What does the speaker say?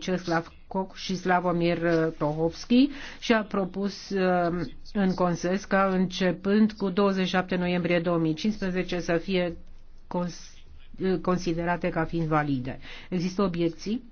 Ceslav Koch și Slavomir Tohovski și a propus în consens ca începând cu 27 noiembrie 2015 să fie considerate ca fiind valide. Există obiecții?